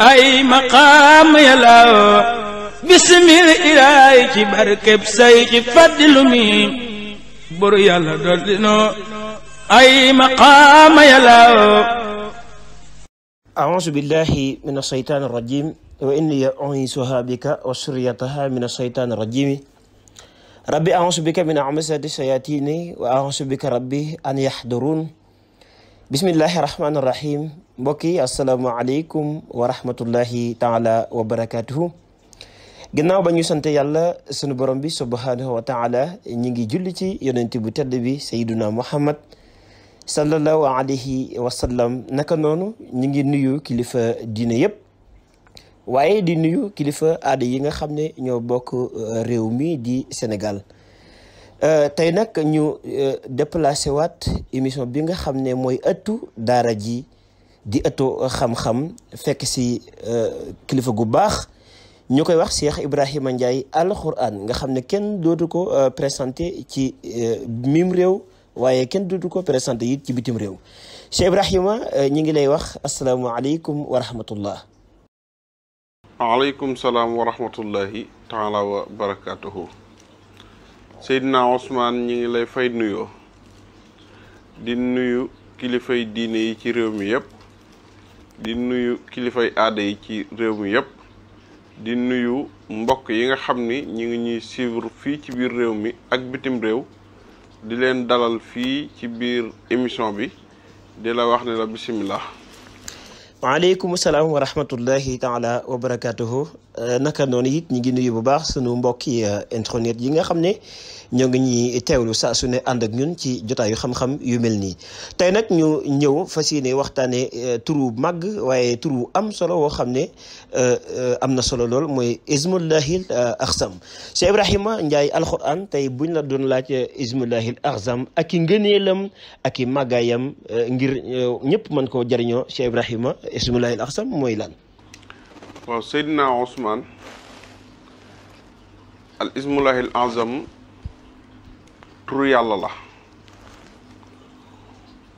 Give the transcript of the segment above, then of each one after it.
ay maqaam yàllaaw bisimil ilaay ci barkeb say ci fàddilu mi buru yàlla dool dinoo ay maqaam yàllaaw aousu billahi min alsheytaan irrajim wa inni u'iizuha bika wa suriyataha min alsheytaan irrajimi rabbi aousu bika min amasati shayatini wa aousu bika rabbi an yaxduruun bismillahi rahmaani rahim mbokk yi asalaamaaleykum wa rahmatullahi taala wa barakaatuhu ginnaaw ba ñu sant yàlla sunu borom bi subhaanahu wa taala ñi ngi julli ci yonent bu tedd bi sayyiduna muhammad sallallahu alayhi wasalam naka noonu ñi ngi nuyu kilifa diine yëpp waaye di nuyu kilifa aada yi nga xam ne ñoo bokk euh, réew mi di senegal euh, tey nag ñu euh, déplacé waat émission bi nga xam ne mooy ëttu daara ji di ëttu xam-xam fekk si euh, kilifa gu baax ñu koy wax Cheikh Ibrahima Ndiaye Al Quran nga xam ne kenn dootu ko euh, présenté ci euh, mim réew waaye kenn dootu ko presenté it ci bitim réew Cheikh Ibrahima ñi ngi lay wax asalaamualeykum wa rahmatullah waaleykum salaam wa rahmatullahi taala wa barakatuhu ngi lay fay nuyoo di nuyu kilifay diine yi ci réew mi yépp di nuyu kilifay aada yi ci réew mi yëpp di nuyu mbokk yi nga xam ni ñu ngi ñuy suivre fii ci biir réew mi ak bitim réew di leen dalal fii ci biir émission bi di la wax ne la bisimilah. waaleykum salaam wa rahmatullahi taala wa barakaatuhu euh, naka noonu yi ñu ngi nuyu bu baax sunu mbokk yi euh, internet yi nga xam ni ñoo ngi ñuy teewlu saa su ne ànd ak ñun ci jotaayu xam-xam yu mel nii tey nag ñu ñëw fas yéene waxtaanee euh, turu màgg waaye turu am solo woo xam ne euh, euh, am na solo lool mooy ismullahil axsam Cheikh Ibrahima Ndiaye alquran tey buñ la doon laaj ismullahil axsam ak i ngëneelam ak i màggaayam ngir ñëpp mën koo jëriñoo Cheikh Ibrahima mooy lan turu yàlla la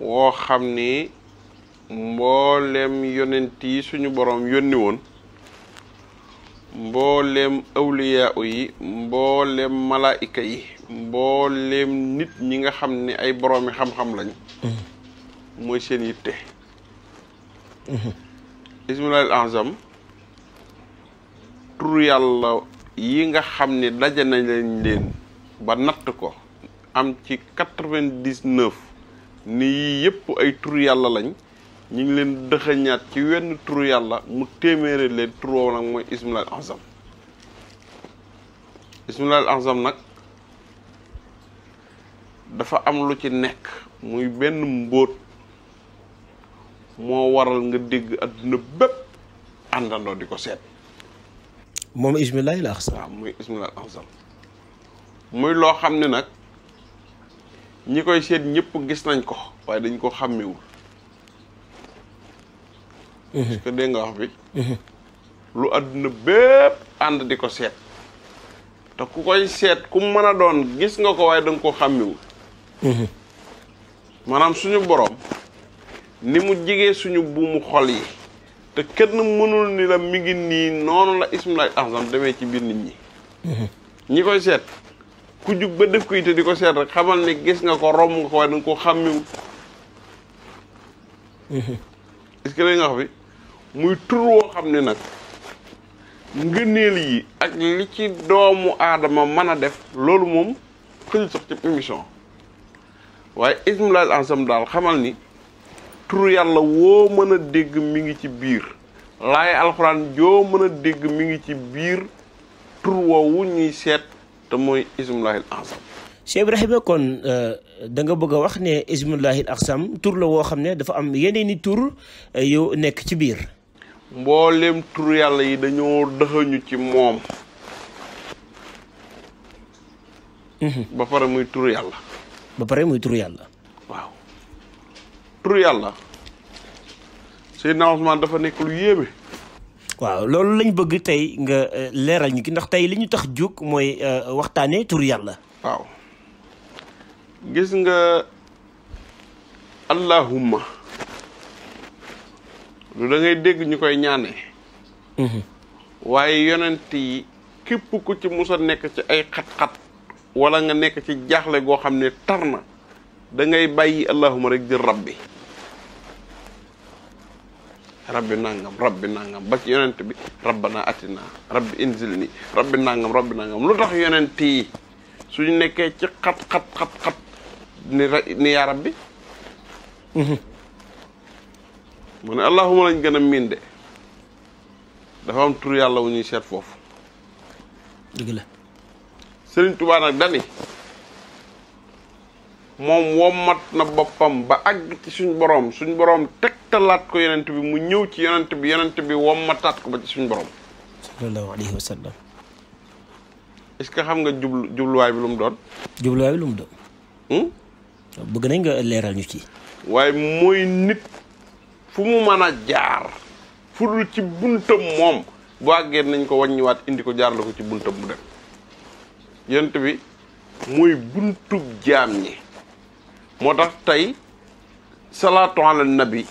woo xam ni mboolem yonent yi suñu boroom yónni woon mboolem awliyaa yi mboolem malaayika yi mboolem nit ñi nga xam ni ay boroomi xam-xam lañ mooy seen yitte ismulaahil azam tur yàlla yi nga xam ni daje nañ leen ba natt ko am ci quatre-vingt-dix-neuf ni yii yëpp ay tur yàlla lañ ñu ngi leen dëxëñaat ci wenn tur yàlla mu téeméere leen tur woowu nag mooy ismul azam ismul azam nag dafa am lu ci nekk muy benn mbóot moo waral nga dégg àdduna bépp àndandoo di ko seet moom ismul azam waaw muy ismul azam muy loo xam ne nag ñi koy seet ñëpp gis nañ ko waaye dañ koo xàmmiwul parce que dégg wax bi lu àdduna bépp ànd di ko seet te ku koy seet ku mën a doon gis nga ko waaye danga ko xàmmiwul maanaam suñu boroom ni mu jigee suñu buumu xol yi te kenn mënul ni la mi ngi nii noonu la ismul laahil ahzam demee ci biir nit ñi ñi koy seet ku jug ba def ko yitte di ko seet rek xamal ne gis nga ko romb nga ko waaye danga ko xàmmiwut est nga xam bi muy tur woo xam ne nag ngëneel yi ak li ci doomu aadama mën a def loolu moom xëjul sax ci émission waaye ismu laal ansam daal xamal ni tur yàlla woo mën a dégg mi ngi ci biir laay alxuraan joo mën a dégg mi ngi ci biir tur woowu ñuy seet te mooy ismullahil ansam Cheikh Ibrahima kon euh, da nga bëgg a wax ne ismullahil ansam tur la woo xam ne dafa am yeneen i tur euh, yu nekk ci biir mboolem tur yàlla yi dañoo dëxañu ci moom mhm. ba pare muy tur yàlla ba pare muy tur yàlla waaw tur yàlla Seydina Ousmane dafa nekk lu yéeme waaw loolu lañ bëgg tey nga euh, leeral ñu ki ndax tey li ñu tax jóg mooy euh, waxtaanee tur yàlla. waaw gis nga allahumma lu da dégg ñu koy ñaane. Mhm. waaye yonent yi képp ku ci mus nekk ci ay xat-xat wala nga nekk ci jaaxle goo xam ne tar na da ngay bàyyi allahumma rek di rabbi rabbi nangam rabbi nangam ba ci yonent bi rabbana atina rabbi inzilni rabbi nangam rabbi nangam lu tax yonent yi suñu nekkee ci xat xat xat ni yaa rabbi mhm. mu ne allahuma lañ gën a miin de dafa am tur yàlla wu ñuy seet foofu dëgg dani moom wommat na boppam ba àgg ci suñ borom suñ borom tegtalaat ko yonent bi mu ñëw ci yonent bi yonent bi wommataat ko ba ci suñ borom. sallallahu alayhi wa sallam. ce que xam nga jublu jubluwaay bi lu mu doon. jubluwaay bi lu mu doon. Hmm? bëgg nañ nga leeral ñu ci. waaye mooy nit fu mu mën a jaar. fu dul ci buntam moom bu àggee nañ ko wàññiwaat indi ko jaar la ko ci buntam mu dem yonent bi mooy buntub jaam yi moo tax tey salaatu ala nabi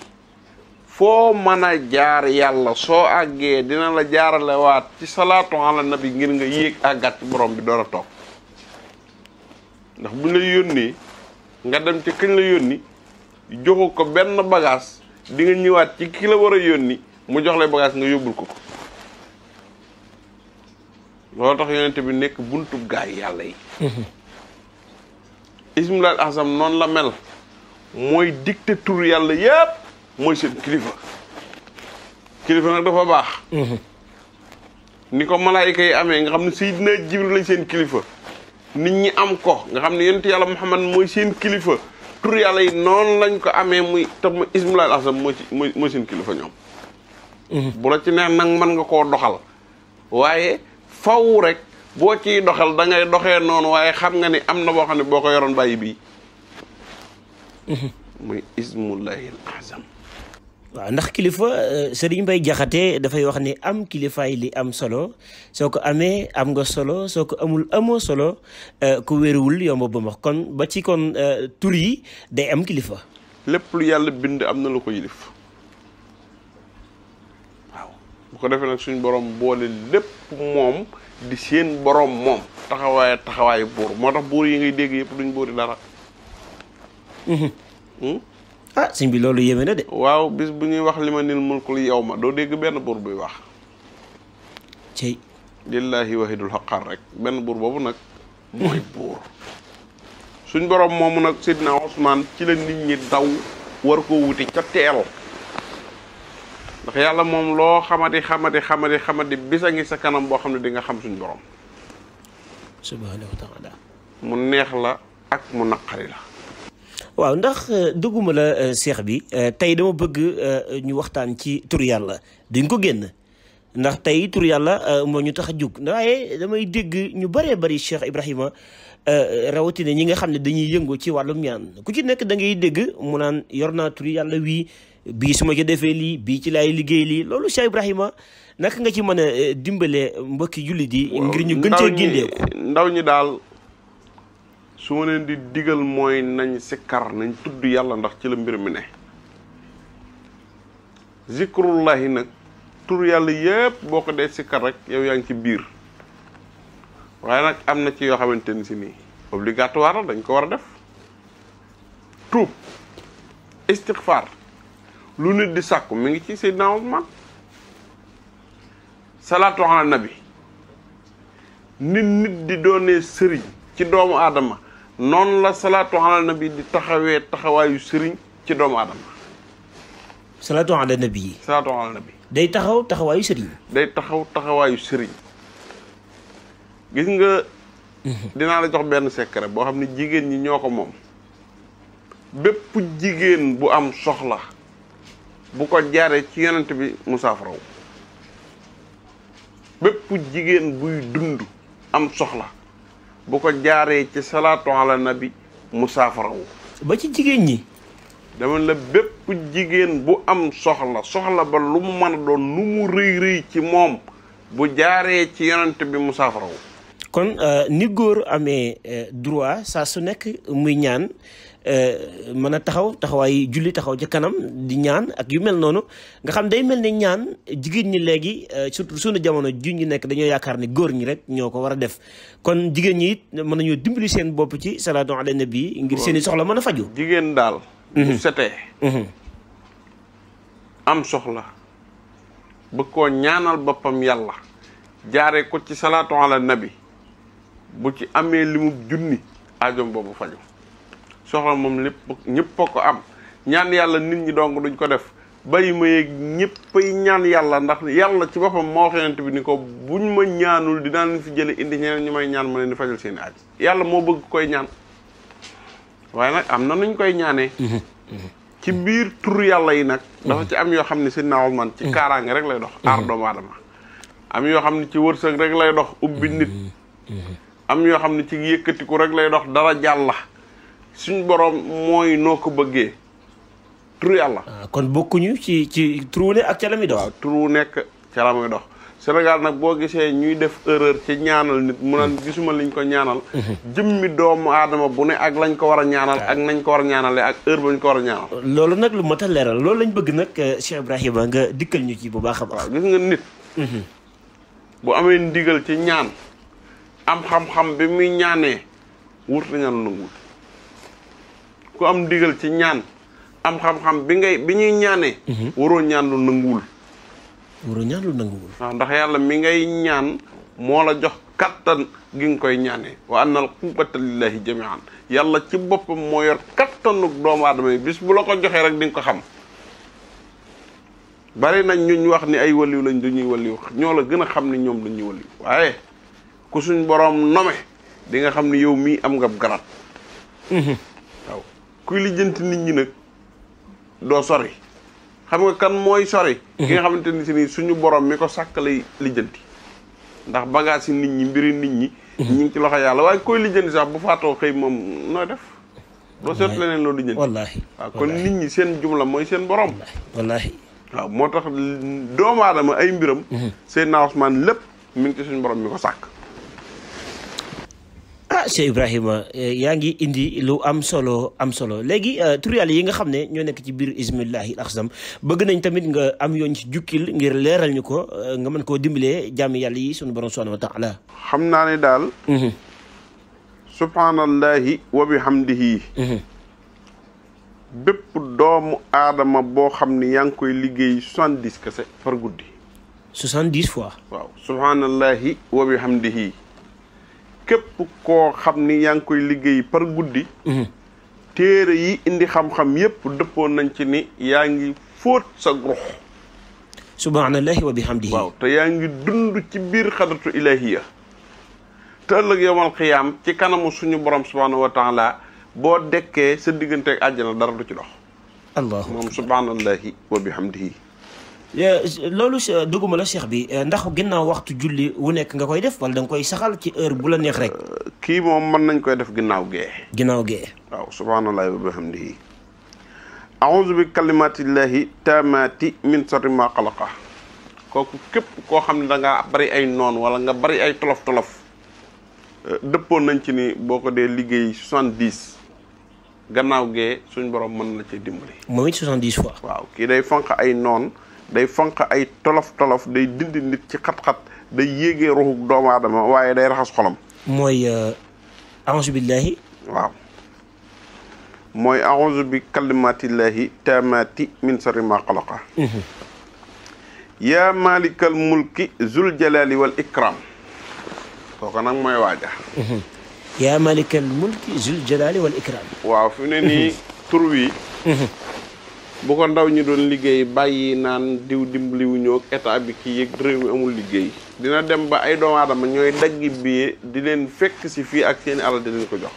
foo mën a jaar yàlla soo àggee dina la jaaralewaat ci salaatu ala nabi ngir nga yéeg àggat ci borom bi door a toog ndax bu la yónnee nga dem ci kañ la yónni joxu ko benn bagaas di nga ñëwaat ci ki la war a yónni mu jox lay bagage nga yóbbul ko ko loolu tax yonente bi nekk buntub gaay yàlla yi mhm. ismul azam noonu la mel mooy dicté tur yàlla yëpp mooy seen kilifa kilifa nag dafa baax mhm. ni ko malaayika yi amee nga xam ne Seydina Jibril lañ seen kilifa nit ñi am ko nga xam ne yonent yàlla Muhammad mooy seen kilifa tur yàlla yi noonu lañ ko amee muy tam ismul azam mooy mooy mooy seen kilifa ñoom mhm. bu ci neex nag mën nga koo doxal waaye faw rek boo ciy doxal da ngay noonu waaye xam nga ni am na boo xam ne boo ko yoroon bàyyi bii mhm. muy ismullahi al waaw ndax kilifa euh, Serigne Mbaye Jaxate dafay wax ni am kilifaay li am solo soo ko amee am nga solo soo ko amul amoo solo euh, ku wéruwul yomb ba max kon ba ci kon euh, tur yi day am kilifa lépp lu yàlla bind am na lu ko yilif waaw bu ko defee nag suñ borom boole lépp moom di seen boroom moom taxawaay taxawaayu buur moo tax buur yi ngay dégg yëpp duñ buuri dara mhm. hmm? ah sëñ bi loolu yéeme na de waaw bis bu ñuy wax li ma nil mulkul yow ma doo dégg benn buur buy wax cey lillaahi wahidul xaqaar rek benn buur boobu nag mooy buur suñ boroom moomu nag Seydina Ousmane ci la nit ñi daw war koo wuti ca teel ndax yàlla moom loo xamadi xamadi xamadi xamadi bis a ngi sa kanam boo xam ne di nga xam suñu borom. subhaanahu wa mu neex la ak mu naqari la. waaw ndax euh, dëgguma la euh, seex bi euh, tey dama bëgg ñu waxtaan ci tur yàlla duñ ko génn ndax tey tur yàlla moo ñu tax a jóg waaye damay dégg ñu bëree bari Cheikh Ibrahima rawatina ñi nga xam ne dañuy yëngoo ci wàllum ñaan ku ci nekk da ngay dégg mu naan yor naa tur yàlla wii. bii su ma ci defee lii bii ci laay liggéey lii loolu Cheikh Ibrahima naka nga ci mën a eh, dimbale mbokki jullit yi ngir ñu gën cee gindeeku ndaw ñi daal su ma di digal mooy nañ sikkar nañ tudd yàlla ndax ci la mbir mi ne zikrullahi nag tur yàlla yépp boo ko dee sikkar rek yow yaa ngi ci biir waaye nag am na ci yoo xamante ni si nii obligatoire la dañ ko war a def tuub istighfar lu nit di sàkku mi ngi ci Seydina Usman salaatu ala nabi nit nit di doonee sëriñ ci doomu aadama noon la salaatu ala nabi di taxawee taxawaayu sëriñ ci doomu aadama salaatu ala nabi salaatu ala day taxaw taxawaayu sëriñ day taxaw taxawaayu sëriñ gis nga mhm. dinaa la jox benn secret boo xam ne jigéen ñi ñoo ko moom bépp jigéen bu am soxla bu ko jaaree ci yonent bi mu saafaraw bépp jigéen buy dund am soxla bu ko jaaree ci salaatu ala mu saafaraw ba ci jigéen ñi dama la bépp jigéen bu am soxla soxla ba lu mu mën doon nu mu rëy rëy ci moom bu jaaree ci yonent bi mu saafaraw kon euh, ni góor amee euh, droit saa su nekk muy ñaan Euh, mën a taxaw taxawaay julli taxaw ci kanam di ñaan ak yu mel noonu nga xam day mel ni ñaan jigéen ñi léegi euh, surtout sunu jamono ju ñu nekk dañoo yaakaar ni góor ñi rek ñoo ko war a def kon jigéen ñi it mën nañoo dimbali seen bopp ci salaatu ala nabi ngir seen soxla mën a faju jigéen daal bu mhm. setee mhm. am soxla bëgg koo ñaanal boppam yàlla jaare ci salaatu ala nabi bu ci amee limub junni ajoom boobu faju soxla moom lépp ñëpp a ko am ñaan yàlla nit ñi dong duñ ko def bàyyi ma yeeg ñëppay ñaan yàlla ndax yàlla ci boppam moo wax yonent bi ni ñaanul dinaa leen fi jële ñu may ñaan ma leen di fajal seen i yàlla moo bëgg koy ñaan waaye nag am na nuñ koy ñaanee mhm. ci biir tur yàlla yi nag mhm. dafa ci am yoo xam ne si naawal man ci mhm. kaaraange rek lay dox aar doomu aadama am yoo xam ne ci wërsëg rek lay dox ubbi nit am yoo xam ne ci yëkkatiku rek lay dox dara jàlla suñu borom mooy noo ko bëggee tur yàlla. Ah, kon bokkuñu ci ci tur wu ne ak ca la dox. waaw nekk ca la dox Sénégal nag boo gisee ñuy def erreur ci ñaanal nit mu naan gisuma liñ ko ñaanal. Mhm. mi doomu aadama bu ne ak lañ ko war a ñaanal. Ah. ak nañ ko war a ñaanalee ak heure ba ñu ko war a ñaanal. loolu nag lu mat a leeral loolu lañ bëgg nag eh, Cheikh Ibrahima nga dikkal ñu ci bu baax a baax. waaw gis nga nit. Mhm. bu amee ndigal ci ñaan am xam-xam bi muy ñaanee wut la ñaan nanguwut. ku am ndigal ci ñaan am xam-xam bi ngay bi ñuy ñaanee mhm. waroo ñaan lu nanguwul waaw ndax yàlla mi ngay ñaan moo la jox kattan gi nga koy ñaanee wa anna al quwwata lillahi jamian yàlla ci boppam moo yor kattanu doomu aadama yi bis bu la ko joxee rek di nga ko xam bari nañ ñuñ wax ni ay waliw lañ duñuy walliw ñoo la gën a xam ni ñoom dañuy waliw waaye ku suñ boroom nome di nga xam ni yow mii am nga garat mhm. kuy lijjanti nit ñi nag doo sori xam nga kan mooy sori. Mhm. ki nga xamante ni si suñu borom mi ko sàkk lay lijjanti. ndax bagage nit ñi mbiri nit ñi. Mhm. ñu ngi ci loxo yàlla waaye koy lijjanti sax bu faatoo xëy moom noo def. doo seet leneen loo lijjanti. wallaahi kon nit ñi seen jumla mooy seen borom. wallaahi moo tax doomu aadama ay mbiram. Mhm. seen naa Ousmane lépp mu ngi ci suñu borom mi ko sàkk. ah Cheikh eh, yaa ngi indi lu am solo am solo léegi eh, tur yi nga xam ne ñoo nekk ci biir ismillahi al-axzam bëgg nañ tamit nga am yoon ci jukkil ngir leeral ñu ko eh, nga mën koo dimbalee jàmm yàlla yi sunu borom subhaanahu wa taala xam naa ne daal mhm. subhaanallahi wa bihamdihi mhm. bépp doomu aadama boo xam ne yaa ngi koy liggéey soixante-dix kese far guddi soixante-dix fois képp koo xam ni yaa ngi koy liggéey par guddi mhm. téere yi indi xam-xam yépp dëppoon nañ ci ni yaa ngi fóot sa ruux subhanallahi wa bihamdihi waaw te yaa ngi dund ci biir xadratu ilahiya te ëllëg yowmal xiyaam ci kanamu suñu borom subhanahu wa taala boo dekkee sa digganteeg àjjana dara du ci dox allah moom subhanallahi wa bihamdihi Euh, loolu euh, dugguma la cheikh bi euh, ndax ginnaaw waxtu julli wu nekk nga koy def wala danga koy saxal ci heure bu la neex rek. kii moom mën nañ koy def ginnaaw gee. ginnaaw gee. waaw subhaanallaahi wa bihamdihi. a'uuzu bi kalimaatillaahi taamaati min sarri maa kooku képp koo xam ne danga ngaa bari ay noon wala nga bari ay tolof tolof. dëppoon nañ ci ni boo ko dee liggéey soixante dix. gannaaw gee suñ borom mën na cee dimbali. moom it soixante dix fois. waaw kii day fanq ay noon. day fonq ay tolof-tolof day dindi ci xat-xat day yéegee ruxug doomu aadama waaye day raxas xolam mooy euh, aouzu billahi waaw mooy aouzu bi kalimatillahi taamati min sarri ma xalaqa mhm. yaa malikal mulki zul jalali wal ikram kooku nag mooy waaja mhm. yaa malikal mulki zul jalali wal ikram bu ko ndaw ñi doon liggéey bàyyi naan diw dimbaliwu ñoo état bi kii yëg réew mi amul liggéey dina dem ba ay doomu aadama ñooy daggi bi di leen fekk si fii ak seeni alal di leen ko jox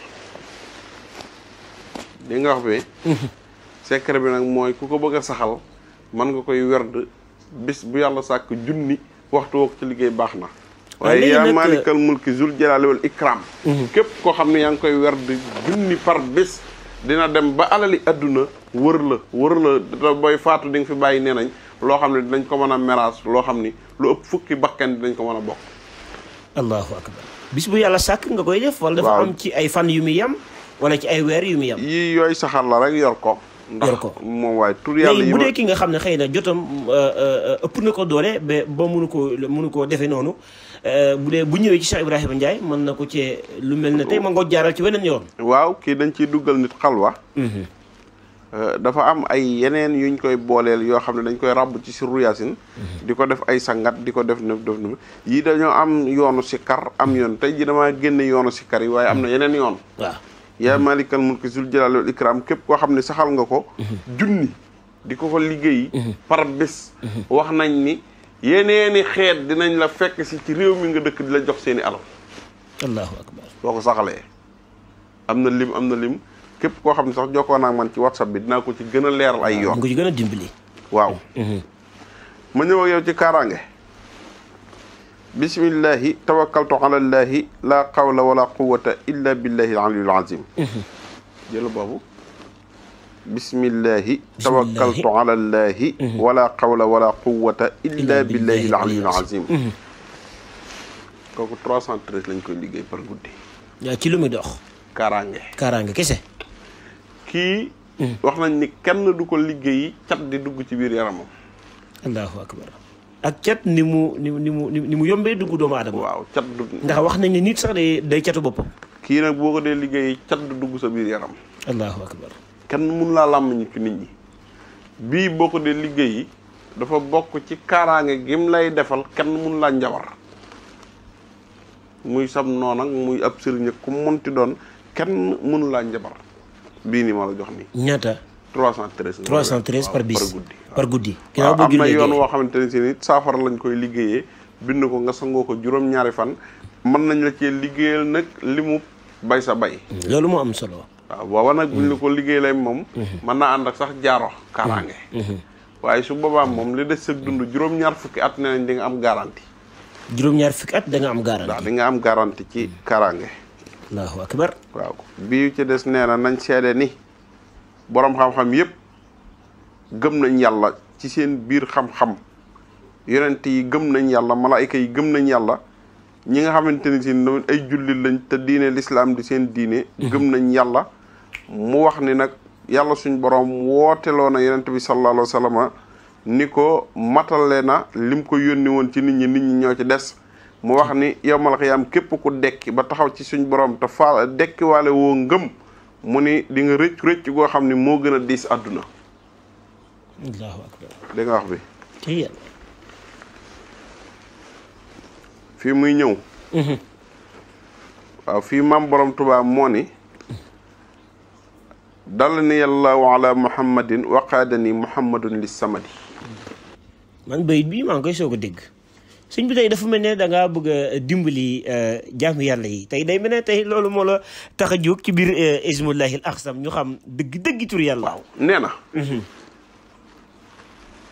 li nga wax bi secret bi nag mooy ku ko bëgg a saxal mën nga koy werd bis bu yàlla sàkk junni waxtu woo ko ci liggéey baax na waaye yaa maalikal mulki zul jalaali wal ikram mhm. képp koo xam ne yaa ngi koy werd junni par bis dina dem ba alali adduna wër la wër la booy faatu di nga fi bàyyi nee nañ loo xam ne dinañ ko mën a meraas loo xam ni lu ëpp fukki bakkan dañ ko mën a bokk allahu akbar bis bu yàlla sàkk nga koy def wala dafa am ci ay fan yu muy yem wala ci ay weer yu muy yem yi yooyu saxar la rek yor ko yor ko moom waaye tur yàlla yi bu ki nga xam ne xëy na jotam euh, euh, ëpp na ko doole ba ba mënu ko mënu koo defee noonu euh, bu dee bu ñëwee ci Cheikh Ibrahima Ndiaye mën na ko cee lu mel ne tey ma ngoo jaaral ci weneen yoon waaw kii dañ ciy duggal nit xalwa mhm. Euh, dafa am ay yeneen yuñ koy booleel yoo xam ne dañ koy ràbb ci sirru yaasin mhm. di ko def ay sangat di ko def nëf def nëf yii dañoo am yoonu sikkar am yoon tey ji damaa génn yoonu sikkar yi waaye am na mhm. yeneen yoon waaw yaa maalikal mhm. mulki zul jalaali wal képp koo xam ne saxal nga ko junni di ko ko liggéey par bés wax nañ ni yeneeni xeet dinañ la fekk si ci réew mi nga dëkk di la jox seeni alal allahu akbar ko saxalee am na lim am na lim képp koo xam ne sax jokkoo naa man ci whatsapp bi dinaa ko ci gën a leeral ay yoon. ko ci gën a dimbali. waaw. Mm-hmm. ma ñëw ak yow ci kaaraange. bismillahi tawakkaltu ala llahi laa qawla wala quwwata illa billahi aliyul azim. Mm-hmm. jël boobu. bismillahi tawakkaltu ala llahi mm-hmm. wala qawla wala quwwata illa billahi aliyul azim. kooku 313 lañ koy liggéey par guddi. yaa ci lu muy dox. kaaraange. kaaraange kese. kii wax nañ ni kenn du ko liggéeyi cat di dugg ci biir yaramam allahu akbar ak cat ni mu ni mu ni mu ni yombee dugg doomu aadama waaw cat du ndax wax nañ ne nit sax day day catu boppam kii nag boo ko dee liggéeyi cat du dugg sa biir yaram allahu akbar kenn mun laa làmmiñ ci nit ñi bii boo ko dee liggéeyi dafa bokk ci kaaraange gim lay defal kenn mun laa njabar muy sam noon ak muy ab sëriñ ku munti doon kenn mun laa njabar bii nii ma la jox nii. ñaata. 313. cent par bis par guddi. par guddi am na yoon woo xamante ne si nit saafara lañ koy liggéeyee bind ko nga sangoo ko juróom-ñaari fan mën nañ la cee liggéeyal nag li mu bay sa bay. loolu moo am solo. waaw booba nag ñu la mm-hmm. ko liggéey liggéeyalee moom. Mm-hmm. mën naa ànd ak sax jaaro kaaraange. Mm-hmm. waaye su boobaa moom li des sa dund juróom-ñaar fukki at nee nañ di nga am garanti. juróom-ñaar fukki at da am garanti. daal di nga am garanti ci kaaraange. waaw bii ci des nee na nañ seede ni boroom xam-xam yëpp gëm nañ yàlla ci seen biir xam-xam yonent yi gëm nañ yàlla malaayka yi gëm nañ yàlla ñi nga xamante ni si ay jullit lañ te diine lislaam di seen diine mhm. gëm nañ yàlla mu wax ni nag yàlla suñ boroom wooteloo na yonent bi sallallahu alayhi wa sallam ni ko matale na lim ko yónni woon ci nit ñi nit ñi ñoo ci des mu wax ni yowmal xiyaam képp ku dekki ba taxaw ci suñ borom te fa dekki woo ngëm mu ni di nga rëcc goo xam ni moo gën a diis àdduna allahu akbar da wax bi fii muy ñëw mhm. waaw fii maam boroom tubaab moo ni dal ni allahu ala muhammadin waqaadani muhammadun li samadi man bayit bii maa ngi koy soog a dégg suñ bi tey dafa mel ne da ngaa bëgg a dimbali euh, jaamu yàlla yi tey day mel ne tey loolu moo la tax a jóg ci biir euh, ismullahil axsam ñu xam dëgg dëgg tur nee na. Mhm.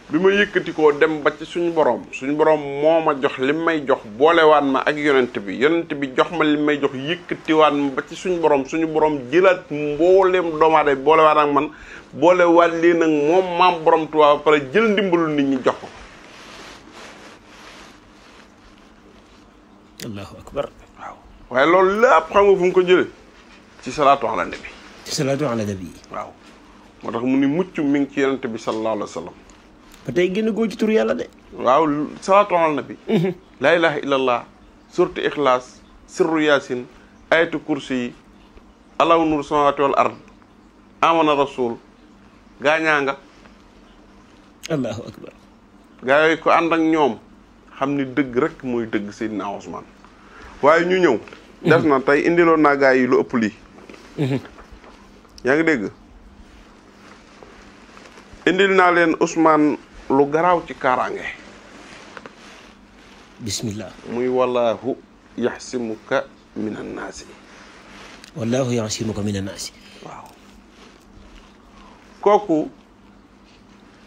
bi ma yëkkati dem ba ci suñu borom suñu borom moo ma jox li may jox boolewaan ma ak yonent bi yonent bi jox ma li may jox yëkkatiwaan ma ba ci suñu borom suñu boroom jëlaat mbooleem doomaade boolewaan ak man boolewaan lii nag moom maam borom tubaab ba pare jël ndimbalu nit ñi jox ko. allahu akbar waaw waaye lool lépp xam nga ko jëlee ci salaatu ala nabi ci salaatu ala nabi waaw moo tax mu ni mucc mi bi sallallahu alayhi wa sallam ba tey génn goo ci tur yàlla de waaw salaatu ala nabi mhm. laa ilaha illallah surtu sirru yaasin ayatu kursi alaw nur samawati wal ard amana rasul gaañaa nga akbar gaa yooyu ko ànd ñoom xam ni dëgg rek muy dëgg Seydina Ousmane waaye ñu ñëw. des na tey indiloon nagaa yi lu ëpp lii. yaa ngi dégg indil naa leen Ousmane lu garaaw ci kaaraange. bismillah. muy wallaahu yaxsimuka minan naasi. naasi. waaw kooku.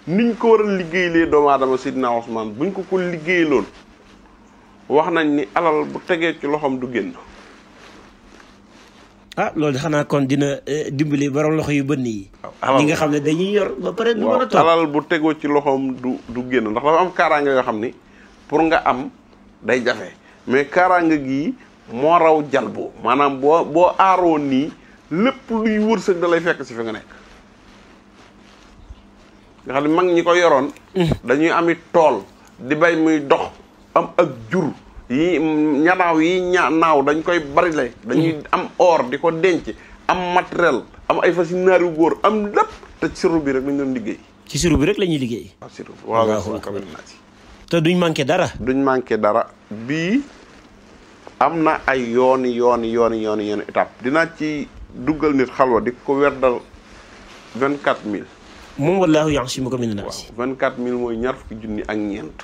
niñ ko war a liggéeylee doomu aadama Sidna Ousmane buñ ko ko liggéey lool wax nañ ni alal bu tegee ci loxoom du génn. ah loolu xanaa kon dina eh, dimbali borom loxo yu bënn yi. nga xam ne dañuy yor ba pare du mën bu tegoo ci loxoom du du génn ndax dafa am kaaraange yoo xam ni pour nga am day jafe mais kaaraange gi moo raw jalbu maanaam boo boo aaroo nii lépp luy wërsëg da lay fekk si fi nga nekk. nga xam ne mag ñi ko yoroon mm. dañuy ami tool di bay muy dox am ak jur yi ñanaaw yi ña naaw dañ koy bari barile dañuy mm. am or di ko denc am matériel am ay fas yu naar yu góor am lépp te siru bi rek lañ doon liggéey ci siru bi la ñuy liggéey waaw siru waaw suñu kabin naa si te duñ manqué dara duñ manqué dara bii am na ay yooni yooni yooni yooni yooni étape dinaa ci duggal nit xalwa di ko werdal vingt quatre mille moom wallaahu ya'simuka mina vingt waaw 24000 mooy ñaar fukki junni ak ñeent.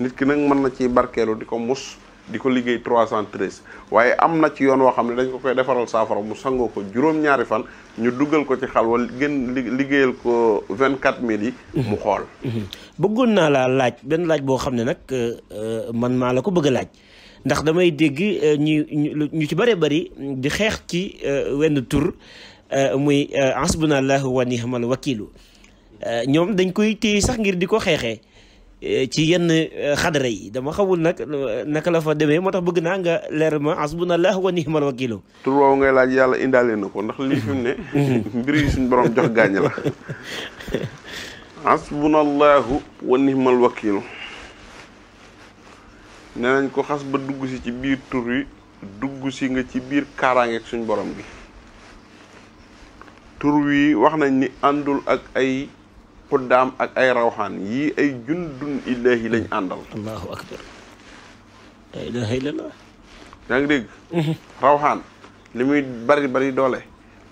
nit ki nag mën na ci barkeelu di ko mus di ko liggéey 313 waaye am na ci yoon woo xam ne dañ ko koy defaral saafara mu sangoo ko juróom-ñaari fan ñu duggal ko ci xal wala gën liggéeyal ko 24000 yi. mu mhm. xool. Mhm. bëggoon naa laa laaj benn laaj boo xam ne nag euh, euh, man maa la ko bëgg a laaj. ndax damay dégg euh, ñu ñu ci bare bari di xeex ci wenn tur Eh, muy eh, hasbunallahu wa nihmal wakilu eh, ñoom dañ koy téye sax ngir di ko xeexee ci yenn xadara yi dama xawul nag naka la fa demee moo tax bëgg naa nga leer ma hasbunallahu wa nihmal wakilu tur woowu ngay laaj yàlla indaale na ko ndax lii fi ne mbir yi suñ borom jox gaañ la hasbunallahu wa nihmal wakilu nee nañ ko xas ba dugg si ci biir tur dugg si nga ci biir kaaraangeeg suñ borom bi tur wi wax nañ ni àndul ak ay xuddaam ak ay rawxaan yii ay jundun illaahi lañ àndal allahu akbar la ilaha illallah yaa ngi dégg rawxaan li muy bari bari doole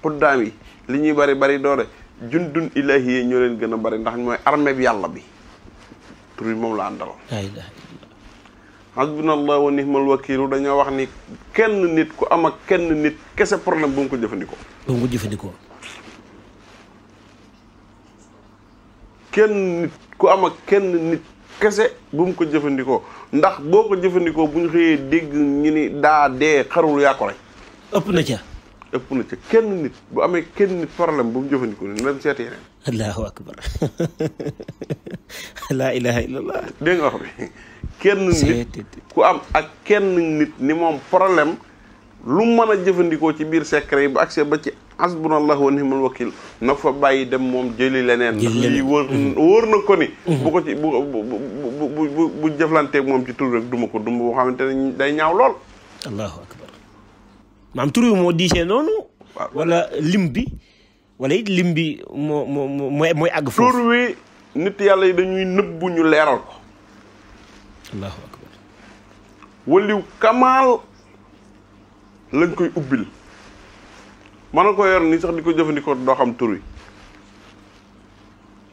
xuddaam yi li ñuy bari bari doole jundun illaahi yi ñoo leen gën a bari ndax mooy armée bi yàlla bi tur moom la àndal la ilaha illallah hasbunallah dañoo wax ni kenn nit ku am kenn nit kese problème bu ko jëfandikoo mu ko jëfandikoo kenn nit ku am ak kenn nit kese bu mu ko jëfandikoo ndax boo ko jëfandikoo bu ñu xëyee dégg ñu ni daa dee xarul yaa ko rek ëpp na ca ëpp na ca kenn nit bu amee kenn nit problème bu mu jëfandikoo ni dem seet yeneen allahu akbar laa ilaha illallah dégg nga wax bi kenn nit ku am ak kenn nit ni moom problème lu mën a jëfandikoo ci biir secret yi ba accès ba ci asbunallahu wa ni'mal wakil na fa bàyyi dem moom jëli leneen lii wóor mhm. wóor na ko ni mhm. bu ko moom ci tur rek duma ko duma boo xamante ne day ñaaw lool allahu akbar maam tur wi moo diisee noonu wala lim bi wala it lim bi moo moo mooy mooy àgg foofu tur wi nit yàlla yi dañuy nëbbu ñu leeral ko kamaal lañ koy ubbil mën na ko yor ni sax di ko jëfandikoo doo xam tur wi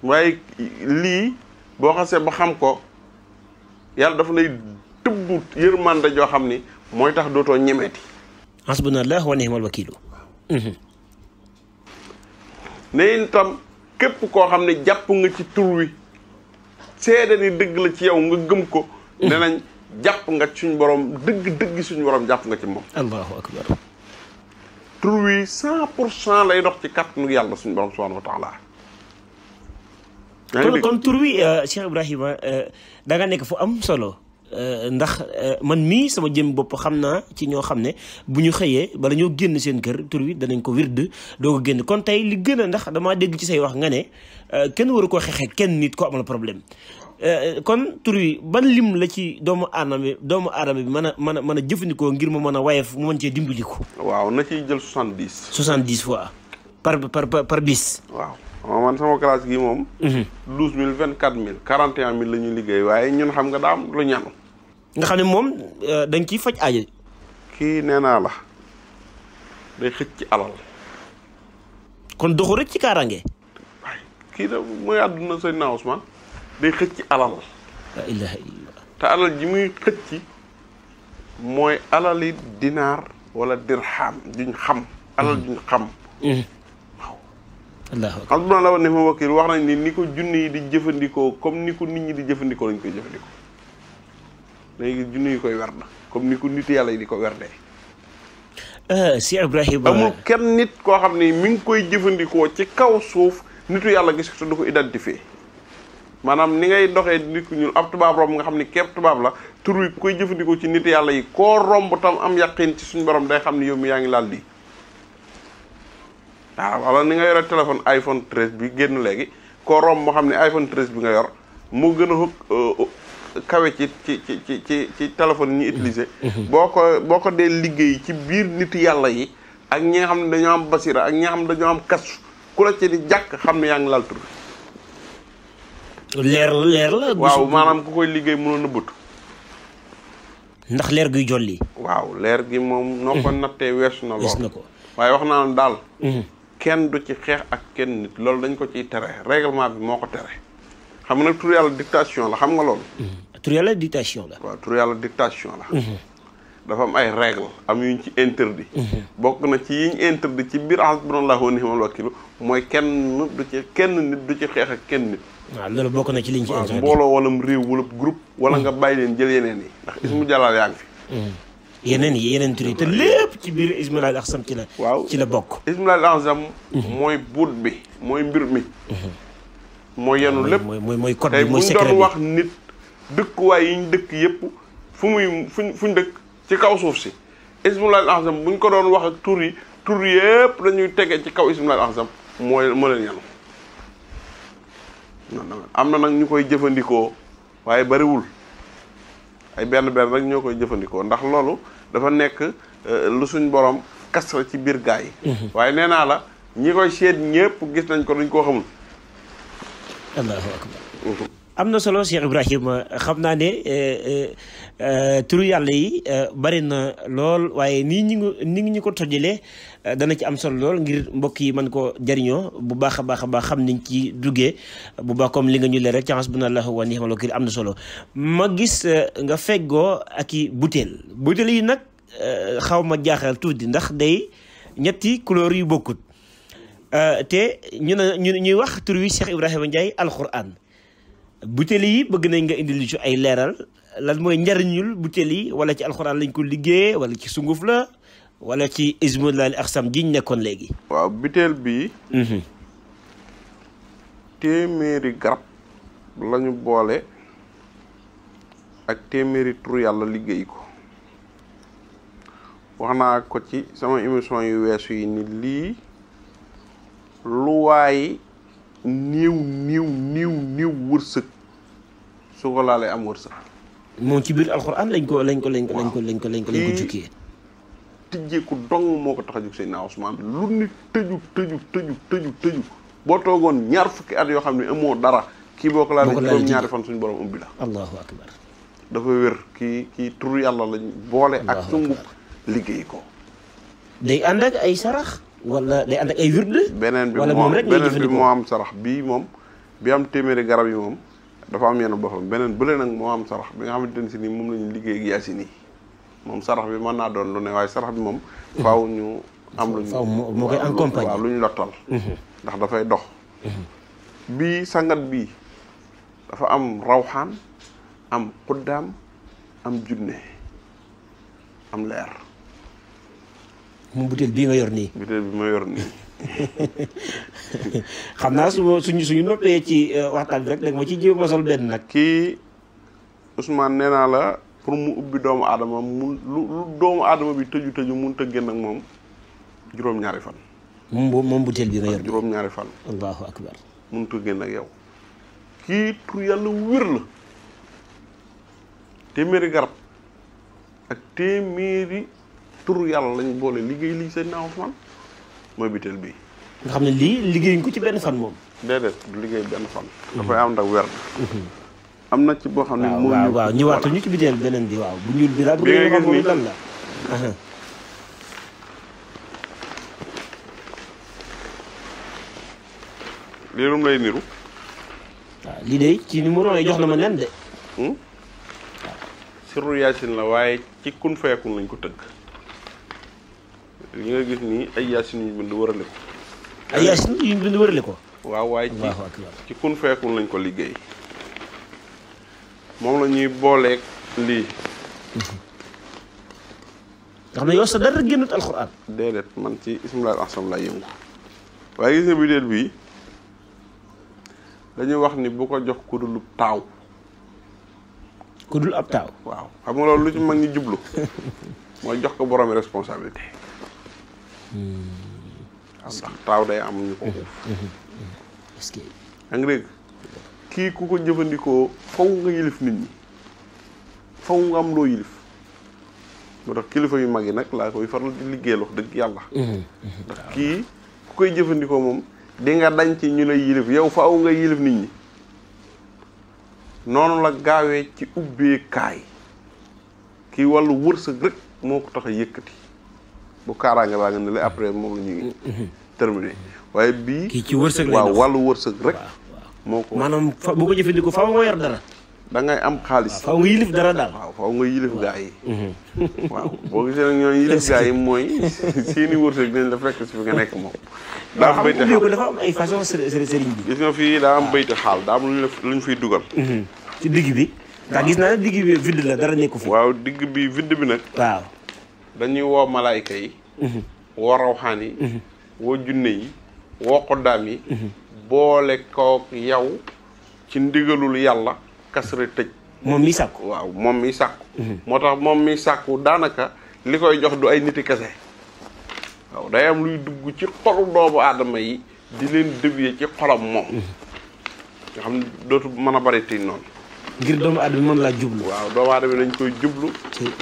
waaye lii boo xasee ba xam ko yàlla dafa lay tëbb yërmande joo xam ni mooy tax dootoo ñemeeti hasbunallah wa ni'mal wakiilu ne itam képp koo xam ne jàpp nga ci tur wi seede ni dëgg la ci yow nga gëm ko. ne jàpp nga suñ borom dëgg dëgg suñu borom jàpp nga ci moom. allahu akbar. tur wi pour cent lay dox ci kàttanu yàlla suñu borom subhanahu wa taala. kon kon tur wi euh, Cheikh Ibrahima euh, da nga nekk fu am solo. Euh, ndax man mii sama jëm bopp xam naa ci ñoo xam ne bu ñu xëyee bala ñoo génn seen kër tur wi danañ ko wird doo ko génn kon tey li gën a ndax damaa dégg ci say wax nga ne kenn waru koo xeexee kenn nit ko amal problème Euh, kon tur yi ban lim la ci doomu aadama doomu aadama bi mën a mën a mën a jëfandikoo ngir mu mën a wayef mu mën cee dimbali ko. waaw na ciy jël soixante dix. soixante dix fois par par par bis. waaw man sama classe gi moom. Mhm. douze mille vingt quatre mille quarante et un mille la ñuy liggéey waaye ñun xam nga daa am lu ñanu nga xam ne moom euh, dañ ciy faj aajo. kii nee naa la day xëcc alal. kon doxu rek ci kaaraange. waaye kii da mooy àdduna sëñ naa Ousmane. day xëcc alal. la te alal ji muy xëcc mooy alali dinaar wala dirham juñ xam. alal mm-hmm. juñ xam. Mm-hmm. waaw. allahu akbar abdoulaye ne ma wakil wax nañ ni ni ko junne yi di jëfandikoo comme ni ko nit ñi di jëfandikoo lañ koy jëfandikoo léegi junne yi koy werd comme ni ko yàlla yi di ko werdee. Ah, si Ibrahima amul kenn nit koo xam ne mi ngi koy jëfandikoo ci kaw suuf nitu yàlla gis ko te du ko identifié. maanaam ni ngay doxee nit ku ñuul ab tubaab romb nga xam ni képp tubaab la tur wi koy jëfandikoo ci nit yàlla yi koo romb tam am yaqin ci suñu borom day xam ni yow yaa ngi laal lii wala ni nga yore téléphone iPhone 13 bi génn léegi koo romb moo xam ne iPhone 13 bi nga yor mu gën a euh, kawe ci ci ci ci ci téléphone ñu utilisé. Mm-hmm. boo ko boo ko dee liggéey ci biir nit yàlla yi ak ñi nga xam ne dañoo am basira ak ñi nga xam ne dañoo am kasu ku la ci di jàkk xam ne yaa ngi laal tur. leer la leer la. waaw maanaam ku koy liggéey mënoon a bëtt. ndax leer guy jolli. waaw leer gi moom. noo ko mm-hmm. nattee weesu na lool na ko waaye wax naa ne daal. Mm-hmm. kenn du ci xeex ak kenn nit loolu dañ ko ci tere règlement bi moo ko tere. xam nga nag tur yàlla dictation la xam nga loolu. Mm-hmm. tur yàlla dictation la. waaw tur yàlla la. dafa am ay règle am yuñ ci interdit. bokk na ci yiñ interdit ci biir hasbunallahu wa ni'mal wakil mooy kenn du ci kenn nit du ci xeex ak kenn nit. waaw loolu bokk na ci liñ ci interdit mbooloo wala réew wala groupe. wala nga mm. bàyyi leen jël yeneen yi. ndax ismu jalaal yaa fi. Mm. yeneen yi yeneen tur yi te lépp ci biir ismu laal axsam ci la. waaw ci la bokk. ismu laal axsam. Mm-hmm. mooy buut bi mooy mbir mi. Mm-hmm. mooy yenu lépp mooy mooy mooy code bi mooy secret bi tey bu ñu nit dëkkuwaay yi ñu dëkk yëpp fu muy fuñ fuñ dëkk ci kaw suuf si. ismu laal axsam bu ñu ko doon wax ak tur yi tur yëpp dañuy tege ci kaw ismu laal axsam mooy moo leen yenu am na nag ñu koy jëfandikoo waaye bariwul ay benn benn rek ñoo koy jëfandikoo ndax loolu dafa nekk euh, lu suñ borom kasra ci biir gaa yi. Mhm. waaye nee naa la ñi koy seet ñëpp gis nañ ko duñ koo xamul. Mhm. am na solo Cheikh Ibrahima xam naa ne euh, euh, turu yàlla yi bari na lool waaye nii ñu ni ngi ñu ko tojalee Euh, dana ci am solo lool ngir mbokk yi mën koo jariñoo bu baax a baax a baax xam niñ ci duggee bu baax comme li nga ñu leer rek ci hasbunallahu wa ni'mal wakiil am na solo ma gis euh, nga feggoo ak butéel butéel yi nag euh, xaw ma jaaxal tuuti ndax day ñetti couleur yu bokkut te ñu ne ñu ñuy wax tur wi Cheikh Ibrahima Ndiaye alquran butéel yi bëgg nañ nga indil ci ay leeral lan mooy njariñul butéel yi wala ci alquran lañ ko liggéey wala ci sunguf la wala ci ismul laal axsam jiñ nekkoon léegi. waaw biteel bii. Mhm. téeméeri garab lañu boole ak téeméeri tur yàlla liggéey ko wax naa ko ci sama émission yu wees yi ni lii lu waay niiw niiw niiw niiw wërsëg su ko laalee am wërsëg. moom ci biir alxuraan lañ ko lañ ko lañ ko lañ ko lañ ko lañ ko jukkee. tijjeeku dong moo ko tax a jóg Seydina Ousmane lu nit tëju tëju tëju boo toogoon ñaar fukki at yoo xam ne amoo dara kii boo ko laalee juróom ñaari fan suñu borom ubbi la allahu akbar dafa wér kii kii tur yàlla lañ boole ak sungu liggéey ko day ànd ak ay sarax wala day ànd ak ay wird beneen bi wala moom rek beneen bi moo am sarax bii moom bi am téeméeri garab yi moom dafa am yenn boppam beneen bële nag moo am sarax bi nga xam ne si nii moom lañu liggéey ak si yi moom sarax bi mën naa doon lu ne waaye sarax bi moom faaw ñu am lu ñu moo lu ñu lottal mhm. ndax dafay dox mhm. bii sangat bii dafa am rawxaan am xuddaam am junne am leer moom butéel bii nga yor nii butéel bi ma yor xam naa su ma suñu suñu noppee ci euh, waxtaan bi rek dag ma ci jéem a sol benn nag ki Ousmane nee naa la pour mu ubbi doomu aadama mu lu doomu aadama bi tëju tëju mënut a génn ak moom juróom-ñaari fan. moom bu moom butéel bi nga ñaari fan. allahu akbar mënut a génn ak yow. kii tur yàlla wér la téeméeri garab ak téeméeri tur yàlla lañ boole liggéey lii seen mooy butéel bii. nga xam ne lii liggéeyuñ ko ci benn fan moom. déedéet du liggéey benn fan. Mhm. dafay am ndax wer am na ci boo xam ne. moo ñu waaw ñëwaatu ñu ci biteel beneen bi waaw bu ñuul bi daal. bi nga gis la. lii lum lay niru. lii de ci numéro yi jox na ma nen de. waaw. Hmm? yaasin la waaye ci kun lañ ko tëgg. li nga gis nii ay yaasin yu ñu bind wërale ko. ay yaasin yu ñu bind wërale ko. waaw waaye ci ci lañ ko liggéey. moom la ñuy booleeg lii. nga xam ne yow sa dara génnut alxuraan. déedéet man ci ismulaal ansam lay yëngu waaye gis nga biddéet bii dañuy wax ni bu ko jox ku dul taaw. ku ab taaw. waaw xam nga loolu lu ci mag ñi jublu mooy jox ko boroomi responsabilité. ndax taaw day am ñu ko. est-ce que. kii ku ko jëfandikoo faw nga yilif nit ñi faw nga am loo yilif moo tax kilifa yu mag yi nag laa koy faral di liggéeyal wax dëgg yàlla mm-hmm. Mm-hmm. ndax kii ku koy jëfandikoo moom di dañ ci ñu lay yilif yow faaw nga yilif nit ñi noonu la gaawee ci ubbee kaay kii wàllu wërsëg rek moo ko tax a yëkkati bu kaaraange baa nga ne la après moom la ñuy mm-hmm. terminé waaye bii kii wàllu wërsëg rek moo ko maanaam fa boo ko jëfandikoo faaw nga yor dara. da ngay am xaalis. faaw nga yilif dara daal. waaw faaw nga yilif gaa yi. Mhm. waaw boo gisee nag mooy seeni wërsëg dinañ la fekk si fi nga nekk moom. daa am béykat xam dafa am ay façon sëriñ bi. gis nga fii daa am béykat xaal daa am luñ la luñ dugal. Mhm. ci digg bi. ndax gis naa ne digg bi vide la dara nekku fi. waaw digg bi vide bi nag. waaw. dañuy woo malaayka yi. Mhm. woo rawxaan yi. woo junne yi woo xoddaam yi. boole koog yow ci ndigalul yàlla kasra tëj moom mi sàkku waaw moom mii sàkku mhm. moo tax moom mii sàkku daanaka li koy jox du ay niti kese waaw day am luy dugg ci xolu doomu aadama yi di leen dévier ci xolam moom mhm. nga xam dootu mën a bari tiñ noonu ngir doomu aadama mën laa jublu waaw doomu aadama dañ koy jublu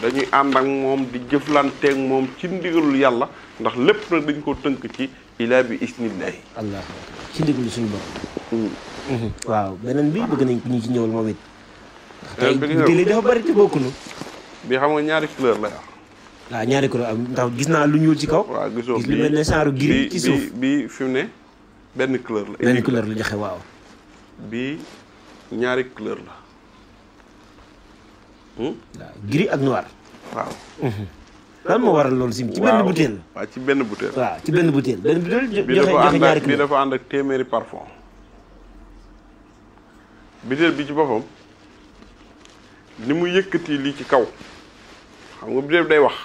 dañuy ànd ak moom di jëflanteeg moom ci ndigalul yàlla ndax lépp nag dañ ko tënk ci ilaa bi isnillahi allah ci ndigalu suñu mm-hmm. beneen bi bëgg nañ ko ñu ci ñëwal moom it ndax tey li dafa bari te bokkunu bi xam nga ñaari couleur lay ñaari couleur ndax gis naa lu ñuul ci kaw waaw gisoo gis lu bi fi mu ne benn couleur la benn couleur la joxe waaw bi ñaari couleur la hmm? gris ak lan moo waral loolu si ci benn butéel waaw ci benn butéel waaw ci benn butéel benn bi dafa ànd ak téeméeri parfum butéel bi ci boppam ni mu yëkkati lii ci kaw xam nga butéel day wax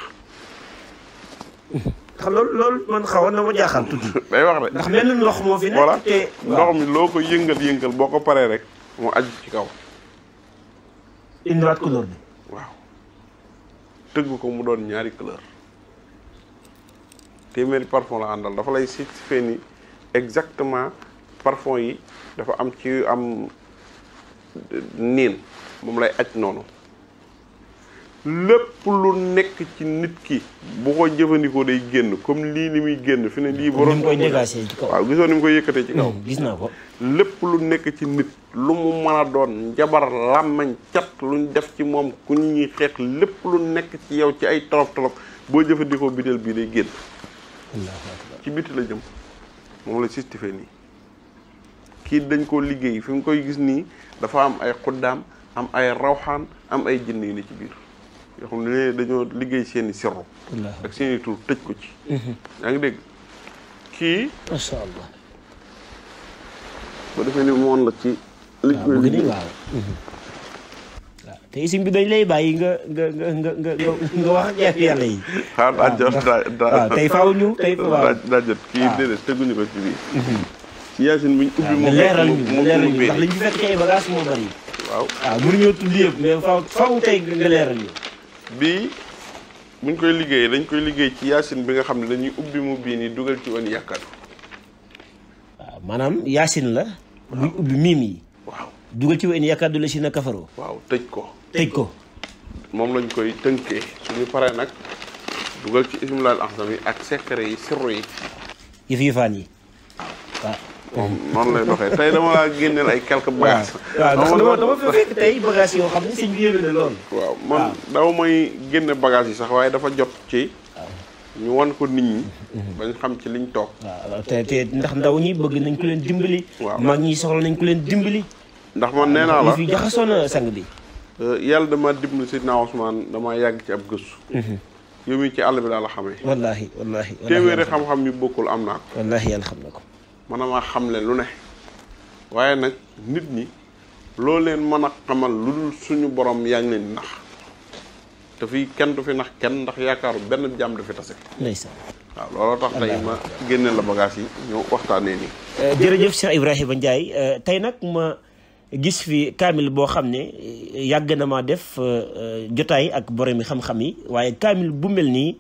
ndax lool lool man xawoon na ma jaaxal tuuti day wax de ndax benn ndox moo fi nekk voilà ndox mi loo ko yëngal yëngal boo ko paree rek moo aju ci kaw indiwaat couleur bi tëgg ko mu doon ñaari couleur téeméeri parfum la àndal dafa lay certifié ni exactement parfum yi dafa am ci am niin moom lay aj noonu lépp lu nekk ci nit ki bu ko jëfandikoo day génn comme lii li muy génn fi ne lii borom koy dégaasee ci kaw hmm, gis naa ko lépp lu nekk ci nit lu mu mën a doon njabar làmmañ cat luñ def ci moom ku ñu xeex lépp lu nekk ci yow ci ay tolof tolof boo jëfandikoo bideel bii day génn ci biti la jëm moom la sistife nii kii dañ koo liggéey fi nga koy gis nii dafa am ay xuddaam am ay rawxaan am ay jinn yu ci biir yoo xam ne dañoo liggéey seeni i ak seen i tëj ko ci mhm. yaa ngi dégg kii ba defee ni moon la ci li liggéey te isim bi dañ lay bàyyi nga nga nga nga wax jeex yàlla yi. xaaral daal jot waaw tey faaw ñu tey waaw daal jot kii déedéet teguñu ko ci biir. ci yaasin bi ubbi moo bii koy liggéeyee dañ koy liggéey ci yaasin bi nga xam ne dañuy ubbi mu nii dugal ci woon yàkkaatu. waaw ah, maanaam yasin la. waaw ubbi miim yi dugal ci wa in yakadu lasina kafaru waaw tëj ko tëj ko moom lañ koy tënkee suñu paree nag dugal ci ismu laal ahzam yi ak secret yi sirru yi yëf yëfaan yi waaw moom noonu lay doxee tey dama laa génneel ay quelques bagages waaw ndax dama dama yoo xam ne sëñ bi yëg na waaw man dama may génne bagages yi sax waaye dafa jot ci ñu wan ko nit ñi mm-hmm. Mm-hmm. bañ xam ci liñ toog waaw te te ndax ndaw ñi bëgg nañ ku leen dimbali mag ñi soxla nañ ku leen dimbali ndax man nee naa la jaxasoo na sang bi. Euh, yàlla dama dimbali Seydina Ousmane damaa yàgg ci ab gëstu. Mhm. yow mii ci àll bi daal la xamee. wallaahi wallaahi. téeméeri xam-xam yu bokkul am naa ko. wallaahi yàlla xam na ko. man maa xam leen lu ne. waaye nag nit ñi loo leen mën a xamal lu dul suñu borom yaa ngi leen nax te fii kenn du fi nax kenn ndax yaakaaru benn jàmm du fi tase. ndeysaan. waaw looloo tax tey ma génne la bagage yi ñoo waxtaanee nii. Euh, jërëjëf Cheikh Ibrahima Ndiaye euh, tey nag ma. gis fi kaamil boo xam ne eh, yàgg na ma def eh, eh, jotaay ak boromi mi xam-xam yi waaye kaamil bu mel nii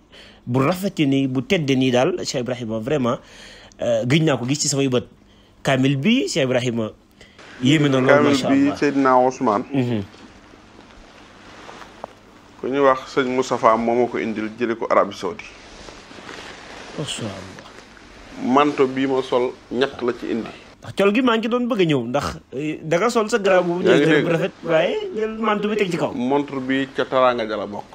bu rafete nii bu tedde nii daal Cheikh Ibrahima vraiment gëj naa ko gis ci samay bët kaamil bi Cheikh Ibrahima mhm. ku ñu wax sëñ Moustapha moo ma indil jële ko Arabie Saoudi manto bii ma sol ñett la ci indi ndax col gi maa ngi doon bëgg a ñëw ndax eh, da sol sa garab bu bu rafet waaye jël mantu bi teg ci kaw. montre bi ca taraanga ja la bokk.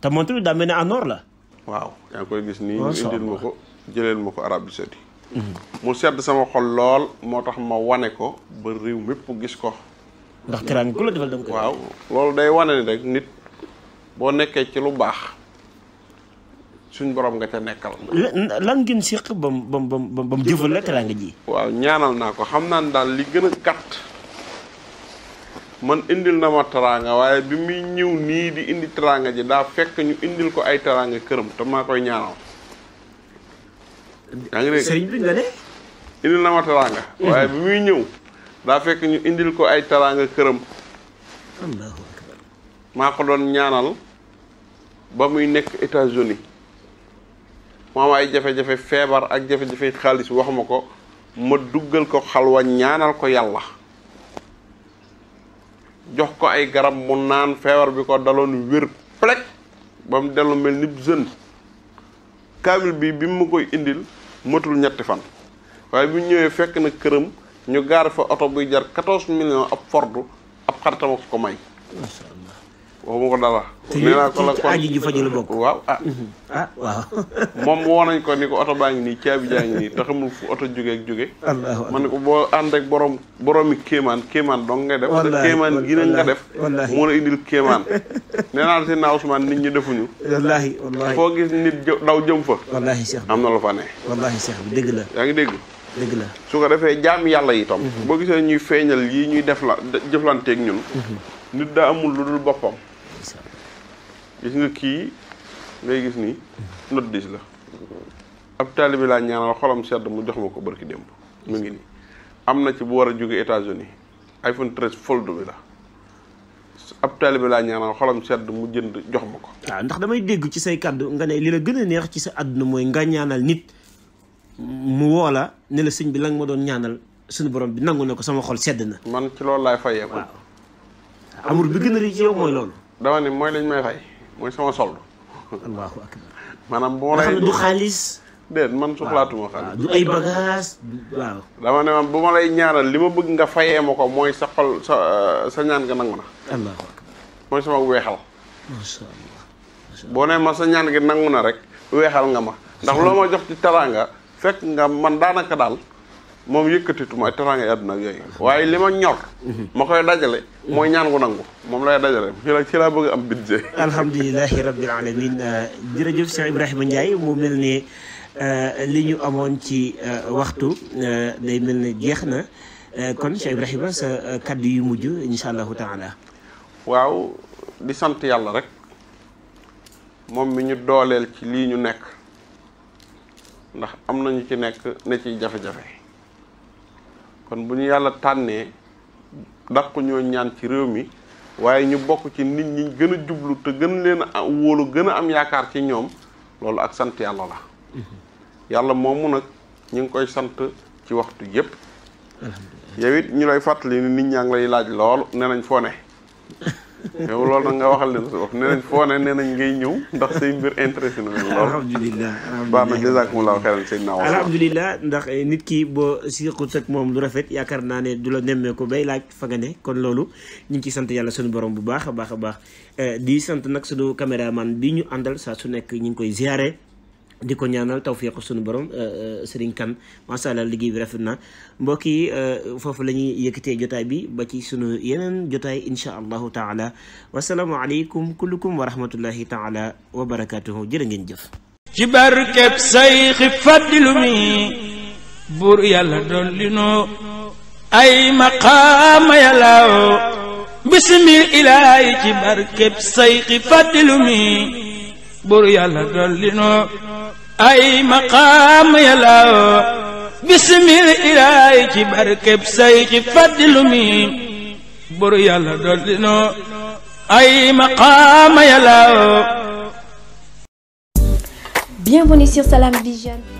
te montre bi daa mel ne en la. waaw yaa ngi koy gis nii. ñu indil ma ko jëleel ma ko Arabie Saoudite. Mhm. mu sedd sama xol lool moo tax ma wane ko ba réew mépp gis ko. ndax teraanga ku la defal da ko. waaw loolu day wane ni rek nit boo nekkee ci lu baax. suñ borom nga te nekkal. lan ngeen séq ba mu ba mu jëfal la teraanga ji. waaw ñaanal naa ko xam naa daal li gën a gàtt man indil na ma teraanga waaye bi muy ñëw nii di indi teraanga ji daa fekk ñu indil ko ay teraanga këram te maa koy ñaanal. yaa muy ñëw daa ñu indil ko ay teraanga këram. maa ko doon ñaanal ba muy nekk États-Unis mu am ay jafe-jafe feebar ak jafe-jafe xaalis wax ma ko ma duggal ko xalwa ñaanal ko yàlla jox ko ay garab mu naan feebar bi ko daloon wér plek ba mu dellu mel ni jeune kaamil bi bi mu koy indil matul ñetti fan waaye bu ñëwee fekk na këram ñu gaar fa oto buy jar quatorze millions ab Ford ab xaritam ko may waxuma ko dara. nee naa ko la kon aji ji bokk. waaw ah. Mhm. ah waaw. moom woo nañ ko ni ko oto baa ngi nii caabi jaa ngi nii te xamul fu oto jóge ak jóge. wallaahi man ko boo ànd ak borom boromi kéemaan kéemaan dong nga def. wallaahi kéemaan gi nga def. wallaahi moo indil kéemaan. nee naa la si naa Ousmane nit ñi defuñu. wallaahi wallaahi foo gis nit daw jëm fa. wallaahi Cheikh am na loo fa ne. wallaahi Cheikh bi dëgg la. yaa ngi dégg. dëgg la su ko defee jaam yàlla yi tam. Mhm. boo gisee ñuy feeñal yii ñuy def la jëflanteeg ñun. Mhm. nit daa amul lu dul boppam gis nga kii ngay gis ni not dis la ab taalibi laa ñaanal xolam sedd mu jox ma ko barki démb mu ngi nii am na ci bu war a jóge États-Unis iPhone 13 fold bi la ab taalibi laa ñaanal xolam sedd mu jënd jox ma ko waaw ndax damay dégg ci say kàddu nga ne li la gën a neex ci sa àdduna mooy nga ñaanal nit mu woola la ne la sëñ bi la nga ma doon ñaanal suñu borom bi nangu ne ko sama xol sedd na man ci loolu laay fayeeku amur bi gën a ri yow mooy lañ may fay mooy sama solde. allahu akbar. dama ne man bu ma lay ñaanal li ma bëgg nga fayee ma ko mooy sa xol sa euh, sa ñaan nga nangu na. mooy sama weexal. boo ne ma sa ñaan gi nangu na rek weexal nga ma. ndax loo ma jox ci teraanga fekk nga man daanaka daal. moom yëkkatituma teraanga àdduna nag yooyu waaye li ma ñor ma koy dajale mooy ñaan gu nangu moom lay dajale ci la ci laa bëgg am budget alhamdulilahi rabbil alamin euh, jërëjëf Cheikh Ibrahima Ndiaye mu mel ne euh, li ñu amoon ci euh, waxtu day mel ni jeex na kon Cheikh Ibrahima sa kaddu yu mujj insha allahu taala waaw di sant yàlla rek moom mi ñu dooleel ci lii ñu nekk ndax am na ñu ci nekk ne ci jafe-jafe kon bu ñu yàlla tànnee dàq ñoo ñaan ci réew mi waaye ñu bokk ci nit ñi gën a jublu te gën leen a wóolu gën a am yaakaar ci ñoom loolu ak sant yàlla la mm-hmm. yàlla moomu nag ñu ngi koy sant ci waxtu yépp yow ñu lay fàttali ni nit ñaa ngi lay laaj lool ne nañ foo ne yow loolu nag nga waxal leen sa bopp nee nañ foo ne nee nañ ngay ñëw ndax say mbir intéressé na lool alhamdulilah baax na jazakumullahu xeeran seen ndax eh, nit ki boo si siqut ak moom lu rafet yaakaar naa ne du la nemmee ko bay laaj fa ne kon loolu ñu ngi ciy sant yàlla suñu borom bu baax a baax a baax eh, di sant nag suñu man bi ñu àndal saa su nekk ñu ngi koy ziare di ko ñaanal tawfiq sunu borom euh, euh, sëriñ kan macha allah liggéey bi rafet na mbokk yi euh, foofu la ñuy yëkkatee bi ba ci yenen yeneen jotaay insha allahu taala wasalaamu aleykum kullukum wa rahmatullahi taala wa barakatuhu jërë ngeen jëf ci barkeb sayxi faddilu mi buur yàlla dolli ay maqaam yàllaw bisimil ilaay ci barkeb say ci fàddilu mi boru yàlla dool dino ay maqaam yàllaw Bienvenue sur Salam Vision